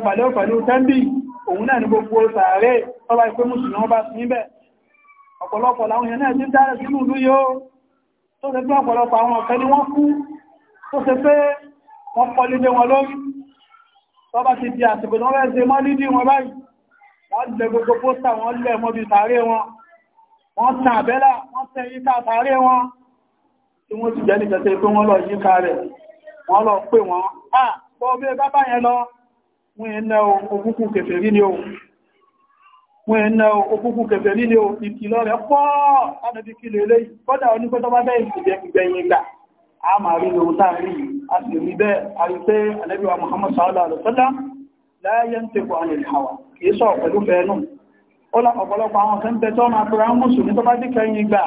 òun náà ní gbogbo sàárè tọ́bá ìpé mùsùlùmí wọ́n bá sí níbẹ̀ ọ̀pọ̀lọpọ̀ láwọn èèyàn náà ti dára sínú ìlú yóò tó ṣe pé ọ̀pọ̀lọpọ̀ àwọn ọ̀fẹ́ ni wọ́n kú tó ṣe pé wọ́n kọ́ lé wọn lórí tọ́bá ti di àsìkò tí wọ́n fẹ́ ṣe mọ́ lídí wọn báyìí wọ́n lẹ gbogbo pósítà wọ́n lẹ̀ mọ́ bí sàárè wọn wọ́n tan àbẹ́là wọ́n tẹ yíká sàárè wọn tí wọ́n ti jẹ́ nìkẹ́sẹ̀ pé wọ́n lọ yíká rẹ̀ wọ́n lọ pè wọ́n ah bọ́ bí bábá yẹn lọ wọ́n ẹ̀nà okúkú kèfèrí ni o ìkìlọ̀ rẹ̀ pọ́ ánàbí kí lè lè kọ́dà oníkọ́tọ́ bá bẹ́ ìgbẹ̀yìn ìgbà a máa rí lóòrùn táàrí a sì rí bẹ́ àrífẹ́ alẹ́bíwa Muhammad sallallahu hawa kìí sọ pẹ̀lú fẹ́ẹ̀nù ọ̀pọ̀lọpọ̀ àwọn tẹ́ ń tẹ́ tọ́ máa pẹ̀lú àwọn mùsùlùmí tó bá díkẹyìn ìgbà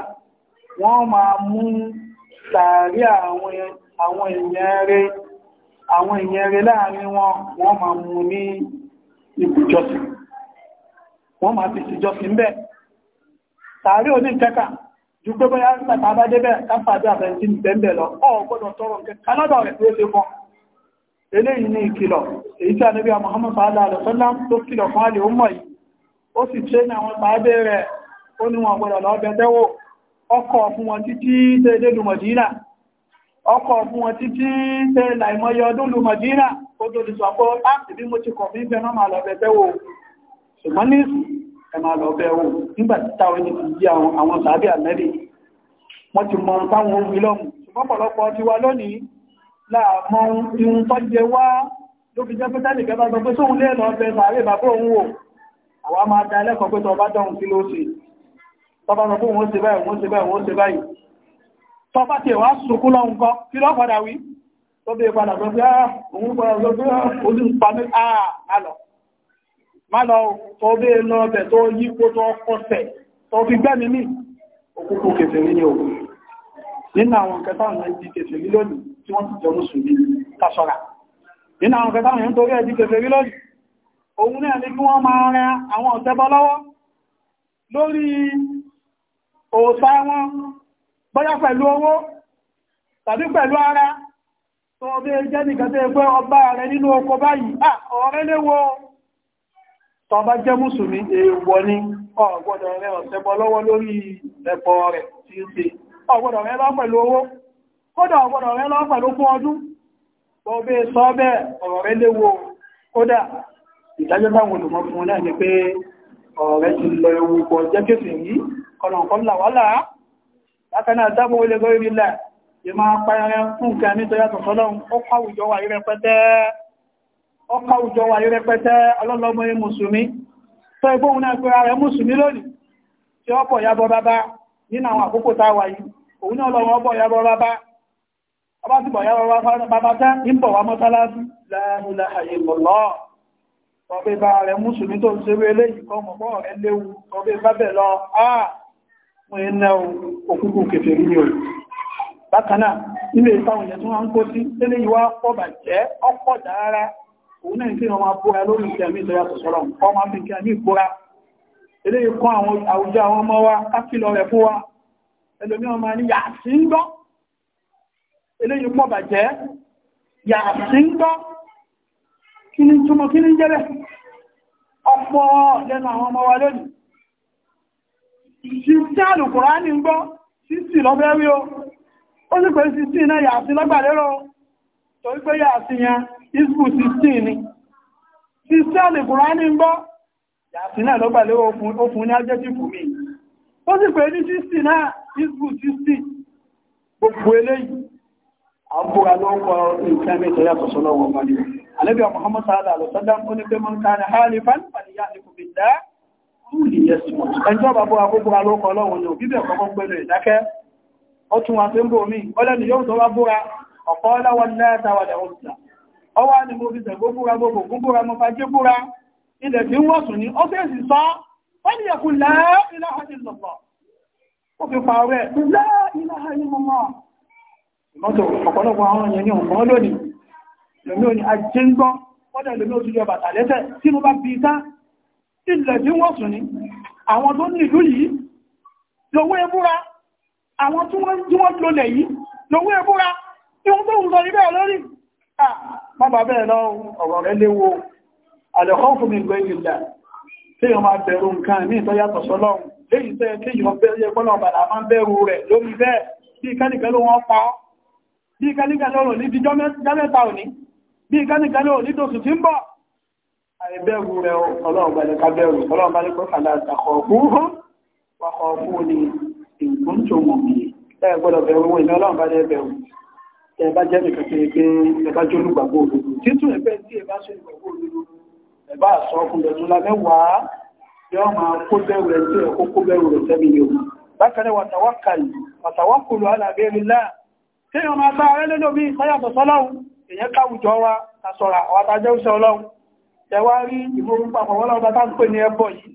wọ́n àwọn èèyàn rẹ̀ láàrin wọn wọ́n máa mú ní ibùjọsìn wọ́n ma fi síjọsìn bẹ́ẹ̀ tààrí òní kẹta ju pé bóyá pàtà bá débẹ̀ káfàdé àbẹ̀ntí bẹ̀m̀bẹ̀ ọ tọrọ nke kanada rẹ̀ tó ṣe eléyìí ní ìkìlọ̀ èyí tí tó kìlọ̀ fún àlè ó mọ̀ yìí ó sì ṣe ní àwọn rẹ̀ ọkọ̀ fún wọn títí tẹ́ láìmọye ọdún lu Madina ó tó ti sọ pé láti ah, bí mo ti kọ̀ fún ìfẹ́ máa lọ bẹ̀ẹ́ wò ṣùgbọ́n ní ìsìn ẹ máa lọ bẹ̀ẹ́ wò nígbà tí táwọn ẹni ti jí àwọn sàábì àmẹ́rì wọ́n ti mọ táwọn orí lọ́mù ṣùgbọ́n pọ̀lọpọ̀ ti wá lónìí láàmọ́ ihun tó jẹ wá ló fi jẹ́ pẹ́tàlì kẹta sọ pé sóhun lé lọ bẹ sàárè bàbá òun wò àwa máa da ẹlẹ́kọ̀ọ́ pé tọba dọ̀hun kí ló ṣe tọba sọ tọ́pá tí wá sùkú lọ nǹkan tí lọ́ padà wí tó bí padà sọ pé ah, òun padà sọ pé ah, ojú ń pa ní àlọ́ ah, má lọ tó bí lọ bẹ̀ tó yí kó tó kọsẹ̀ tó fi gbẹ́mi mí òkúkú kèfè ní òkú nínú àwọn kẹta àwọn ẹbí kèfè rí lónìí tí wọ́n ti jọ mùsùlùmí tásọ́ra nínú àwọn kẹta àwọn torí ẹbí kèfè rí lónìí òun náà ní kí wọ́n máa rẹ àwọn ọ̀tẹ́bọ́ lọ́wọ́ lórí òòsá wọn bọ́yá pẹ̀lú owó tàbí pẹ̀lú ara tó ọbẹ̀ jẹ́ nìkan tó ẹgbẹ́ ọba rẹ̀ nínú oko báyìí ọ̀rẹ́ léwo tọba jẹ́ mùsùlùmí èèwọ̀ ni ọ̀gbọ́dọ̀ rẹ̀ ọ̀sẹ̀bọ̀ lọ́wọ́ lórí ẹ̀pọ̀ rẹ̀ tí ń ṣe ọ̀gbọ́dọ̀ rẹ̀ lọ pẹ̀lú owó kódà ọ̀gbọ́dọ̀ rẹ̀ lọ pẹ̀lú fún ọdún bọ́ọ̀bẹ́ sọ bẹ́ẹ̀ ọ̀rọ̀ rẹ̀ léwo kódà ìdájọ́ táwọn olùmọ̀ fún náà ni pé ọ̀rẹ́ ti lọ ewu kọ̀ jẹ́ kéfì yìí kọ̀nà kọ́ bákan náà dábò ilẹ̀ gọ́rí rí lẹ́ ìmá apáyẹrẹ fún nǹkan nítorí àtọ̀tọ́lọ́run ó káwùjọ wà rí rẹpẹtẹ ọlọ́lọ́mọ mùsùlùmí tó ẹgbóhun náà mùsùlùmí lónìí tí ó pọ̀ yàbọ̀ bàbá nínú àwọn àkókò tá wà yìí òun náà wọ́n yẹn náà òkúkú kẹfẹ̀ rí ní òyìn bákanáà ilé ìfáwọn ìyẹ̀ tó wọ́n ń kó sí tẹ́lẹ̀ ìwá pọ̀bà jẹ́ ọ̀pọ̀ dára òun náà kí wọ́n máa búra lórí ìkẹ́ àmì ìtọ́yà tọ̀sọ́rọ̀ ọmọ máa fi ìkẹ́ àmì ìbúra ilé ìkọ́ àwọn àwùjọ àwọn ọmọ wa káfílọ rẹ̀ fún wa ẹlòmí ọmọ ní yàásí ń gbọ́ ilé ìpọ̀ bàjẹ́ yàásí ń gbọ́ kí ni túmọ̀ kí ni jẹ́rẹ̀ ọ̀pọ̀ lẹ́nu àwọn ọmọ wa lónìí ṣíṣí àlùkùránì ń gbọ́ ṣíṣí lọ́bẹ́ rí o ó sì pé ṣíṣí náà yàásí lọ́gbàlérò torí pé yàásí yẹn ìsìnkú ṣíṣí ni ṣíṣí àlùkùránì ń gbọ́ yàásí náà lọ́gbàlérò òfun ní ajẹ́tìfù mi ó sì pé ní ṣíṣí náà ìsìnkú ṣíṣí gbogbo eléyìí àbúrà lọ́wọ́ nǹkan mẹ́ta yàtọ̀ sọ́lọ́wọ́ ọmọdé alẹ́bíà Muhammad sallallahu alaihi wasallam ó ní pé mọ́ ń ká ní hálifan fàníyà ní kùbìdá fúlì yẹsùmọ̀ ẹjọ́ bàbá akóbúra ló kọ lọ́wọ́ ní òbíbẹ̀ kọ́kọ́ pẹ̀lú ìdákẹ́ ó tún wọn pé ń bò mí ọlẹ́ni yóò tó wá búra ọ̀pọ̀ ọlọ́wọ́ lẹ́ẹ̀tàwàdẹ̀ ọ̀sà ọwá ni mo fi sẹ̀gbó búra gbogbo gún búra mo fàájé búra ilẹ̀ tí wọ́n sùn ní ọ́fẹ́sì sọ ó ní ẹkùn láàrín-ìlọ́hàn-ìlọ́pọ̀ ó fi pa ọ̀rẹ́ láàrín-ìlọ́hàn-ìlọ́mọ́ ìmọ́tò ọ̀pọ̀lọpọ̀ àwọn ènìyàn ní ọ̀pọ̀ lónìí lómi ò ní ajé ń gbọ́ ilẹ̀ tí wọ́n sùn ní àwọn tó ní ìlú yìí lówó ẹbúra àwọn tí wọ́n lólẹ̀ yìí lówó ẹbúra tí wọ́n tó ń sọ ibẹ̀ lórí ah, má bà bẹ́ẹ̀ lọ ọ̀rọ̀ rẹ̀ léwu àlẹ́kọ́ fún mi gbé ìlẹ̀ tí yọ máa bẹ̀rù nǹkan ní ìtọ́yàtọ̀ sọ́lọ́run léyìí tẹ́ tí yọ bẹ́ẹ̀ pọ́nà bàdà máa bẹ̀rù rẹ̀ lórí bẹ́ẹ̀ bí kẹ́nìkan ló wọ́n pa bí kẹ́nìkan lọ́rọ̀ ní bí jọ́mẹ́ta òní bí kẹ́nìkan lọ́rọ̀ ní tòsù tí ń bọ̀ àìbẹ̀rù rẹ̀ ọlọ́run bá lè ká bẹ̀rù ọlọ́run bá lè kọ́ fàlà àtàkọ̀ fún wakọ̀ fún ni ìgbón tó mọ̀ mí ẹ gbọ́dọ̀ bẹ̀rù owó ìná ọlọ́run bá lè bẹ̀rù ẹ bá jẹ́ nìkan pé pé ẹ bá jó olùgbàgbọ́ òdodo títún ẹgbẹ́ tí ẹ bá sọ olùgbàgbọ́ òdodo ẹ bá sọ fún ẹ̀tún la mẹ́wàá yóò máa kó bẹ̀rù rẹ̀ tí ẹ kó kó bẹ̀rù rẹ̀ sẹ́mi yóò bákan náà wàtàwákàlì wàtàwákùlù alàbẹ́rìnlá tí èèyàn máa bá arẹ́lẹ́lómi sáyàtọ̀ sọ́lọ́run èèyàn káwùjọ wa kásọ̀ra àwọn àtàjẹ́ òṣèlọ́run tẹwárí ìmòrún papọ̀ wọ́n lọ́gbà tá ń pè ní ẹbọ yìí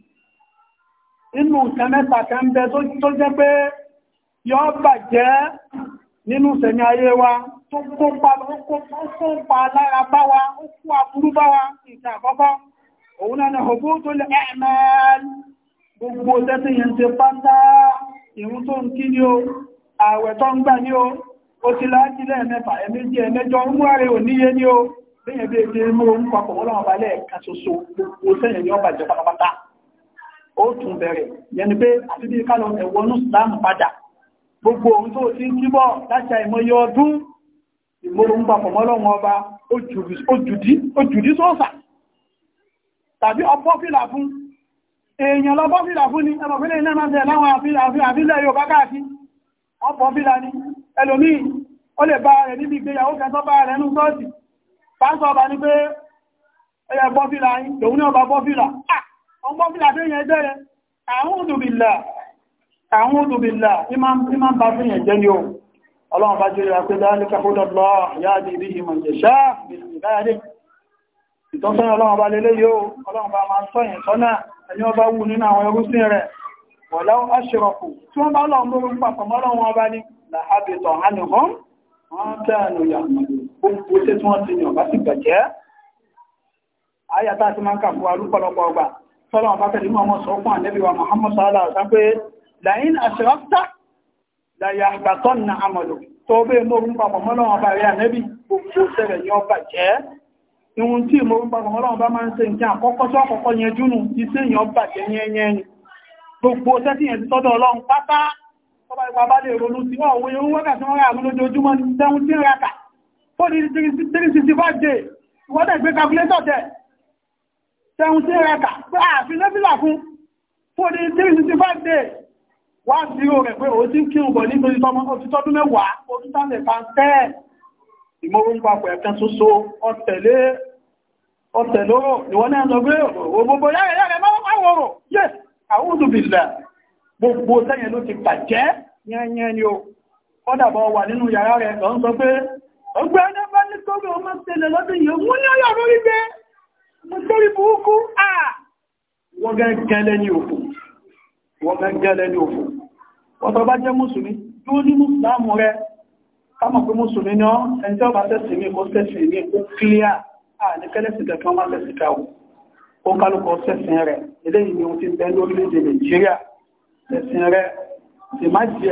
inú nǹkan mẹ́ta kan bẹ tó jẹ́ pé yọ́ bàjẹ́ nínú sẹ̀mí ayé wa tó kópa lára bá wa ó kú àbúrú bá wa nǹkan àkọ́kọ́ òun náà ni ọgbó tó lè ẹ̀mẹ́ẹ̀lì gbogbo tẹ́tí yẹn ti pátá ìrun tó ń kí ní o ààwẹ̀ tó ń gbà ní o ó ti láti lẹ́ẹ̀mẹ́fà ẹ̀mẹ́jì ẹ̀mẹ́jọ ń múra rẹ̀ ò ní o lẹ́yìn bí ebi mú orú papọ̀ wọ́n láwọn balẹ̀ kan ṣoṣo gbogbo sẹ́yìn yóò bàjẹ́ pátápátá ó tún bẹ̀rẹ̀ yẹni pé àti bí kálọ̀ ẹ̀wọ̀nú sàmù padà gbogbo ohun tó ti ń kíbọ̀ láti àìmọye ọdún ìgboro ń papọ̀ mọ́lọ́wọ́n ọba òjùdí sóòsà tàbí ọbọ́ fìlà fún èèyàn lọ bọ́ fìlà fún ni ẹmọ̀ fílẹ̀ iná ni ẹlòmíì ó lè bá rẹ̀ níbi ìgbéyàwó kẹsọ́ bá rẹ̀ nú sọ́ọ̀sì pásọ ọba ní pé ẹyẹ bọ́fílà yìí lòun ní ọba bọ́fílà àwọn bọ́fílà tó yẹn jẹ́rẹ àwọn òdùbìlà àwọn òdùbìlà ìmá bá fún yẹn jẹ́ ní o ọlọ́run bá jẹ́ ìrẹ́ pé dáálíkà fúdọ̀lọ́ yáàdì ibi ìmọ̀ ìjẹ̀ṣá ìbáyàdì ìtọ́sọ́nà ọlọ́run bá lélé yóò ọlọ́run bá máa sọ́yìn sọ́nà ẹni ọba wù nínú àwọn ẹrúsìn tí wọ́n bá lọ́run lórúkọ pàpọ̀ mọ́lọ́run ọba ní làhábìtọ̀ hánìhàn wọ́n tẹ́ ànìyàn gbogbo iṣẹ́ tí wọ́n ti yàn bá ti bàjẹ́ ayàtà ti máa ń kàfù arúpọ̀lọpọ̀ ọgbà tọ́lọ̀ bá fẹ́ ọmọ sọ fún ànẹ́bíwa Muhammad sallallahu alaihi wasallam pé la'in ashrakta la yahbatanna 'amaluka tó bẹ́ mọ́rún papọ̀ mọ́lọ́wọ́n bá rí ànẹ́bí gbogbo sẹ́rẹ̀ ní ọba jẹ́ ihun tí mọ́rún papọ̀ mọ́lọ́wọ́n bá máa ń ṣe nǹkan àkọ́kọ́ tó àkọ́kọ́ yẹn ni gbogbo ṣẹ́ tí yẹn ti sọ́dọ̀ Ọlọ́run pátá tọ́ba ìpa bá lè ronú sí wọ́n òwe irú wọ́n rà mú lójoojúmọ́ ní sẹ́hun tí ń raka ó di days, day ìwọ́dẹ̀ gbé calculator tẹ̀ tẹ̀hún sí ẹ̀ka àfi lẹ́fìlà fún ó di 365 day wá sí o rẹ̀ pé ó ti ń kírun bọ̀ nítorí tọmọ òtítọ́dún mẹ́wàá òtítọ́lẹ̀ pàǹtẹ́ ìmọ̀rún papọ̀ ẹ̀kan ṣoṣo ọ̀tẹ̀lé ọ̀tẹ̀lóró ìwọ́n náà lọ gbé ògbogbo yára yára máwọ̀rọ̀ yẹ́ àwúdù bìlẹ̀ gbogbo sẹ́yìn ló ti bàjẹ́ yẹ́nyẹ́ ni o ọ́dàbọ̀ wà nínú yàrá rẹ̀ lọ ń sọ pé ọgbà ẹ̀dá bá ní kọ́bí ọmọ tẹ̀lẹ̀ lọ́dún yìí mú ní ọyọ̀ lórí gbé mú sórí burúkú à wọ́n gẹ́ gẹ́lẹ́ ní òfò wọ́n gẹ́ gẹ́lẹ́ ní òfò wọ́n tọ́ bá jẹ́ mùsùlùmí tó ní mùsùlámù rẹ kámọ̀ pé mùsùlùmí náà ẹni tí ó bá tẹ̀sì mí kó tẹ̀sì mí kó kílíà à ní kẹ́lẹ́sì kankan wá tẹ̀sì ká o ó kálukọ sẹ̀sìn rẹ̀ eléyìí ni ó ti bẹ́ lórílẹ̀-èdè Nàìjíríà sẹ̀sìn rẹ̀ sì má jẹ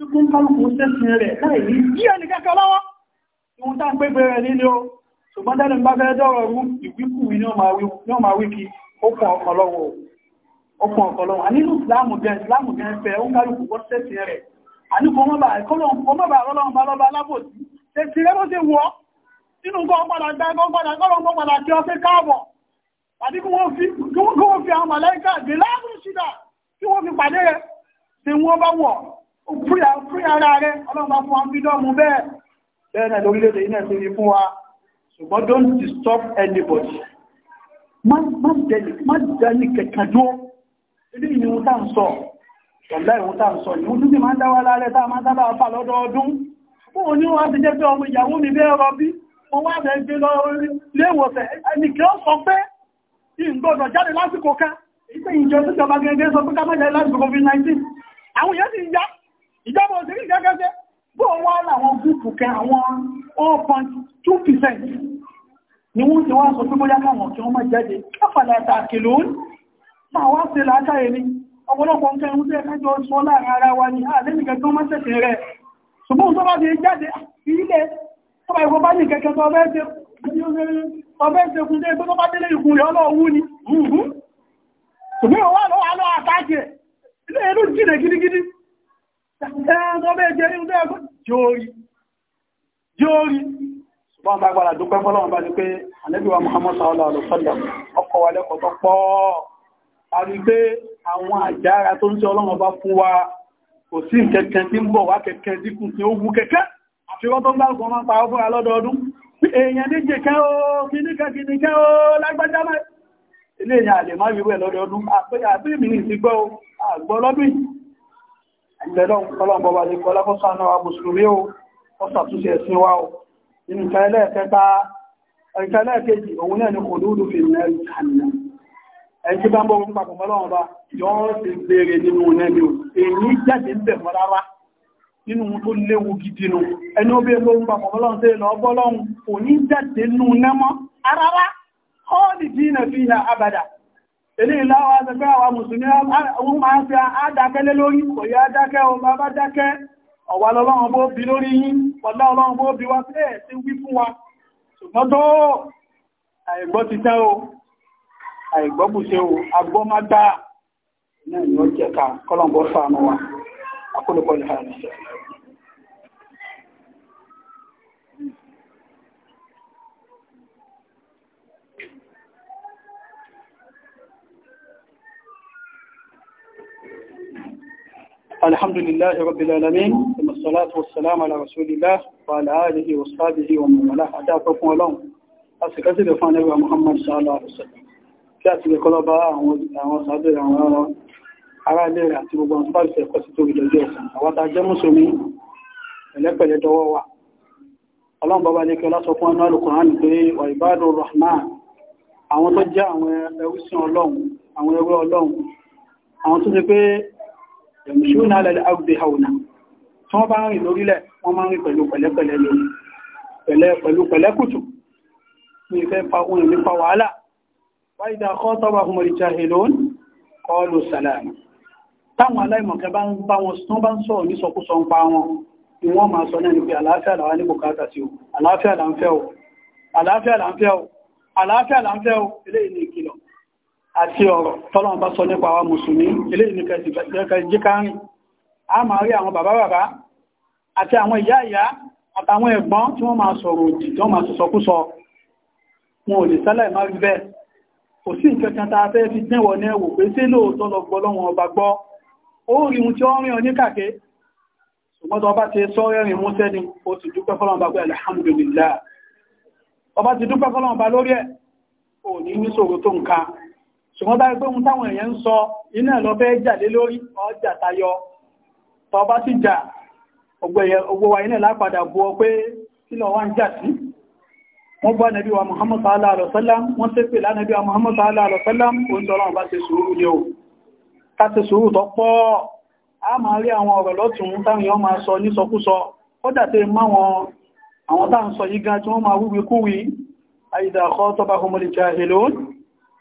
tí kún kálùkù sẹ́sìn rẹ̀ láì ní bí ẹni kẹ́kẹ́ lọ́wọ́ ìwọ̀n tá ń pé bẹ̀rẹ̀ nílé o ṣùgbọ́n tẹ́lẹ̀ ń bá fẹ́ dọ́rọ̀ rú ìwíkù ní ọmọ wíkì okùn ọ̀kọ̀lọ́wọ́ ànílù ìsìláàmù gẹ́ ìsìláàmù gẹ́ fẹ́ ó kálùkù bọ́ sẹ́sìn rẹ̀ àníkò mọ́bà ọlọ́run bá lọ́bà alábòsí sẹ́sìn rẹ̀ ló ṣe wọ́ nínú gọ́ọ̀pàdà gbọ́gbàdà gọ́ọ̀pàdà kí ọ fẹ́ káàbọ̀ àti kí wọ́n fi àwọn màláìkà dé láàrùn ṣídà kí wọ́n fi pàdé rẹ̀ tí wọ́n bá wọ̀ fúrí ara rẹ̀ ọlọ́pàá fún wọn bídọ́mù bẹ́ẹ̀ bẹ́ẹ̀ lórílẹ̀-èdè iná sí ni fún wa ṣùgbọ́n don't disturb anybody má dẹni kẹta jó ilé ìyún tá ń sọ ọ̀lá ìwọ̀n tá ń sọ ìwọ̀n tó sì máa ń dáwà lálẹ́ tá máa sábà fà lọ́dọọdún fún òní wọ́n ti jẹ́ pé ọmọ ìyàwó mi bẹ́ẹ̀ rọ bí mo wá bẹ̀ gbé lọ léwọ̀sẹ̀ ẹnìkẹ́ ó sọ pé ìgbọ́dọ̀ jáde lásìkò ká ìpé ìjọ tó jọba gẹ́gẹ́ sọ pé ká má jáde lásìkò COVID-19 àwọn èèyàn ti yá ìjọba òṣèlú ìjẹ́gẹ́gẹ́ bó wá láwọn gúúpù kẹ àwọn 1.2% ni wọ́n ti wá sọ pé bóyá káwọn kí wọ́n má jáde káfàlẹ̀ àtàkì lónìí máa wá sí látàrí ní ọ̀pọ̀lọpọ̀ nǹkan ẹ̀hún tí ẹ̀kájọ sọ láàrin ara wa ní àlẹ́nìkẹ́ tó má tẹ̀sẹ̀ rẹ̀ ṣùgbọ́n tó bá ti jáde ilẹ̀ tó bá ìwọ̀n bá ní kẹ́kẹ́ tó ọbẹ̀ ṣekùn dé tó bá délé ìkùn rẹ̀ ọlọ́wú ni ṣùgbọ́n wà lọ́wọ́ àtàkì ilé ìlú jìnà gidigidi Ṣùgbọ́n bá gbára dúpẹ́ fọ́lọ́wọ́n bá ní pé ànẹ́bíwà Muhammad sallallahu alaihi wasallam ọkọ̀ wà lẹ́kọ̀ọ́ tó pọ̀. A rí pé àwọn àjára tó ń tí ọlọ́wọ́n bá fún wa kò sí kẹ̀kẹ́ pa ọgbọ́ra lọ́dọọdún. Èèyàn díje kẹ́ ó, kìníkẹ́ kìníkẹ́ ó, lágbájá máa. Ilé ìyàn àlè máa wíwẹ̀ lọ́dọọdún. Àpé àbí mi ní ìsìgbọ́ Ìtẹ́lọ́pọ̀lọ́pọ̀lọ́pọ̀ ìkọlákọ́sánà wa Mùsùlùmí ó, ọ̀sàtúnṣe ẹ̀sìn wa ó. Inú ìtẹ́lẹ́ kẹta, ìtẹ́lẹ́ kejì, òun náà ni kò lúrù fi mẹ́rin kànnà. Ẹni tí bá ń bọ́ wọn papọ̀ mọ́lọ́wọ́n bá, yọ́ ti bèèrè nínú nẹ́bí ó. Èyí jáde ń bẹ̀ mọ́ rárá nínú tó léwu gidi nù. Ẹni ó bí ẹgbẹ́ ń papọ̀ mọ́lọ́wọ́n tẹ́ lọ bọ́lọ́wọ́n kò ní jáde nù nẹ́mọ́. Arára, ọ́ ilé ìláwà àtẹ́gbẹ́ àwọn mùsùlùmí àwọn máa ń fi àádákẹ́lé lórí kò yá dákẹ́ o máa bá dákẹ́ ọ̀wà lọ́lọ́run bó bí lórí yín pọ̀lá ọlọ́run bó bí wá sí ti wí fún wa ṣùgbọ́n tó àìgbọ́ ti tẹ́ o àìgbọ́ bù ṣe o agbọ́ má dá náà ni ó jẹ́ الحمد لله رب العالمين ثم الصلاة والسلام على رسول الله وعلى آله وصحبه ومن والاه أدعوكم ولهم أسكت بفان أبو محمد صلى الله عليه وسلم كاتب القلبة وصحبه وعلى ara ilé rẹ̀ àti gbogbo ọ̀nà pàṣẹ ẹ̀kọ́ sí tóbi lọ́jọ́ ẹ̀sán àwọn tá a jẹ́ mùsùlùmí ẹ̀lẹ́pẹ̀lẹ́ dọwọ́ wa ọlọ́run bàbá lè kẹ́lá sọ fún ọ̀nà alùkùnrin pé wà ìbádù rahman àwọn tó jẹ́ àwọn ẹrúsìn ọlọ́run àwọn ẹrú ọlọ́run àwọn tó ṣe pé yamshuna ala al-ardi hawna tí wọ́n bá ń rìn lórílẹ̀ wọ́n máa ń rìn pẹ̀lú pẹ̀lẹ́pẹ̀lẹ́ lórí pẹ̀lú pẹ̀lẹ́kùtù ní ìfẹ́ pa ohun nípa wàhálà wa idha ni wọ́n máa sọ náà ní pé àlàáfíà làwọn ní bùkátà sí o àlàáfíà là ń àti ọ̀rọ̀ tọ́lọ́run bá sọ nípa àwọn mùsùlùmí ilé ìníkẹ̀ẹ́jìkárìn a máa rí àwọn bàbá bàbá àti àwọn ìyá ìyá àtàwọn ẹ̀gbọ́n tí wọ́n máa sọ̀rọ̀ òdì tí wọ́n máa sọ̀sọ̀kúsọ wọn ò lè sẹ́lẹ̀ má rí bẹ́ẹ̀ kò sí ìkẹta ta fẹ́ fi dẹ́wọ̀ ní ẹwò pé sí lóòótọ́ lọ gbọ́ lọ́wọ́n ọba gbọ́ ó rí ohun tí ó rìn ọ ní kàké ṣùgbọ́n tó bá ti sọ rẹ́rìn músẹ́ ni ó ti dúpẹ́ fọ́lọ́wọ́n bá pé alhamdulillah ọba ti dúpẹ́ fọ́lọ́wọ́n bá lórí ẹ̀ ò ní ní ṣòro tó ṣùgbọ́n bá gbé ohun táwọn èèyàn ń sọ iná lọ fẹ́ jà lé lórí ọjà tayọ tọba ti jà ogbò wa iná lápadà bú pé sílọ wá ń jà sí wọ́n bá nàbí wa Muhammad àwọn ọ̀rọ̀ ń sọ yí gan tí wọ́n máa wúwi kúwi àìdàkọ́ tọ́bà homo lè jahilun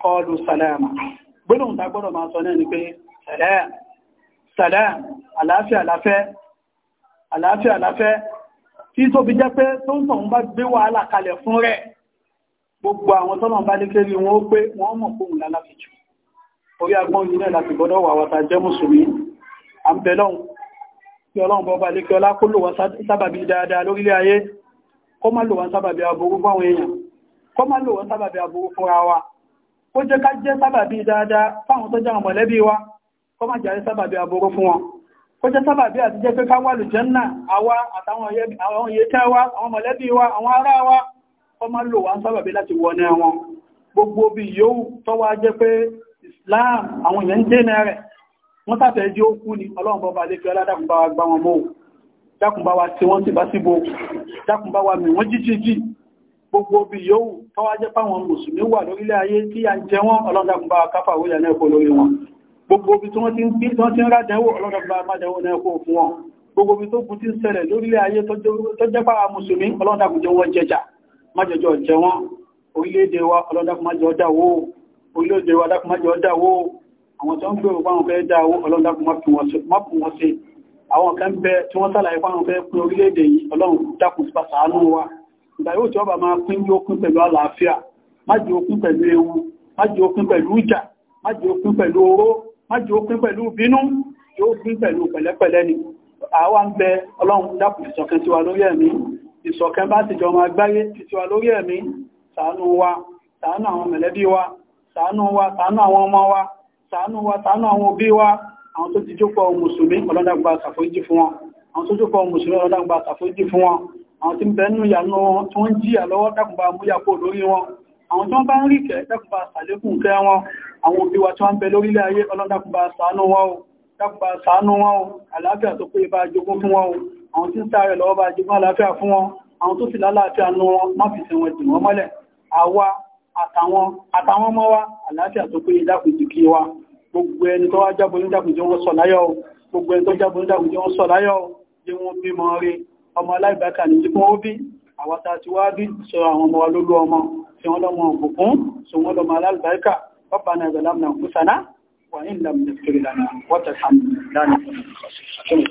kọlu salama gbónàun ta gbọ́dọ̀ máa sọ náà ni pé salam aláfíà láfẹ́ aláfíà láfẹ́ tí tó bí jẹ́ pé tó ń tọ̀hún bá gbé wàhálà kalẹ̀ fún rẹ̀ gbogbo àwọn tọ́nà bá lékèrí wọn ó pé wọ́n mọ̀ fóhùn lálàfi jù orí agbọ́n yìí náà láti gbọ́dọ̀ wà wata jẹ́ mùsùlùmí à ń bẹ lọ́hùn ọlọ́run bọ́ bá lékè ọlá kó lò wọ́n sábàbí dáadáa lórílẹ̀ ayé kó má lò wọ́n sábàbí aburú fáwọn èèyàn kó má lò wọ́n sábàbí aburú fúnra wa kó jẹ́ ká jẹ́ sábàbí dáadáa fáwọn tó jẹ́ àwọn mọ̀lẹ́bí wa kó má jẹ́ sábàbí aburú fún wọn kó jẹ́ sábàbí àti jẹ́ pé ká wà lùjẹ́nà àwa àtàwọn ìyẹ́kẹ́ wa àwọn mọ̀lẹ́bí wa àwọn wa kó má lò wá sábàbí láti wọnẹ́ wọn gbogbo bí Islam àwọn èèyàn ń dènà rẹ̀ wọ́n sáfẹ́ jí ó kú ni ọlọ́run bọ́ba lè fi ọládàkùnbá wa gbá gbogbo bí yóò tọ́wá jẹ́ fáwọn mùsùlùmí wà lórílẹ̀ ayé tí a ń jẹ wọ́n ọlọ́dàkùnbà káfà wóyà náà kó lórí wọn gbogbo bí tí wọ́n ti ń rájẹ̀wò ọlọ́dàkùnbà májẹ̀wò náà kó fún wọn gbogbo bí tó kù ti ń ṣẹlẹ̀ lórílẹ̀ ayé tó jẹ́ fáwọn mùsùlùmí ọlọ́dàkùnjẹ́ jẹjà májẹjọ wa ọlọ́dàkùnmájẹ́ ọdá wo orílẹ̀-èdè wa ọlọ́dàkùnmájẹ́ ọdá wo àwọn tó ń gbèrò fáwọn ìgbà yóò jọba máa pín bí okun pẹ̀lú àlàáfíà má jẹ́ okun pẹ̀lú ewu má jẹ́ okun pẹ̀lú ìjà má jẹ́ okun pẹ̀lú oró má jẹ́ okun pẹ̀lú bínú yóò pín pẹ̀lú pẹ̀lẹ́pẹ̀lẹ́ ni àwa ń bẹ ọlọ́run dápù ìṣọ̀kan tiwa lórí lórí ẹ̀mí àwọn tí ń bẹ nínú ìyànà wọn tí wọ́n jíyà lọ́wọ́ dákùnbà múyàpò lórí wọn àwọn tí wọ́n bá ń rí kẹ́ dákùnbà sàlékùn kẹ́ wọn àwọn òbí wa tí wọ́n ń bẹ lórílẹ̀ ayé ọlọ́dàkùnbà ṣàánú wọn o dákùnbà ṣàánú wọn o àlàáfíà tó pé bá jogún fún wọn o àwọn tí ń sáré lọ́wọ́ bá jogún àlàáfíà fún wọn àwọn tó sì lálàáfíà nu wọn má fi sí gbogbo ẹni tó wá jábọ̀ ní dákùn jẹ́ wọ́n sọ láyọ̀ gbogbo rí ọmọ aláìbákà ní jíkún ó bí àwátá ti wá bí sọ àwọn ọmọ olólú ọmọ tí wọ́n lọ́mọ òkùnkùn sọ wọ́n lọ́mọ aláìbákà pápá náà ìgbàlámù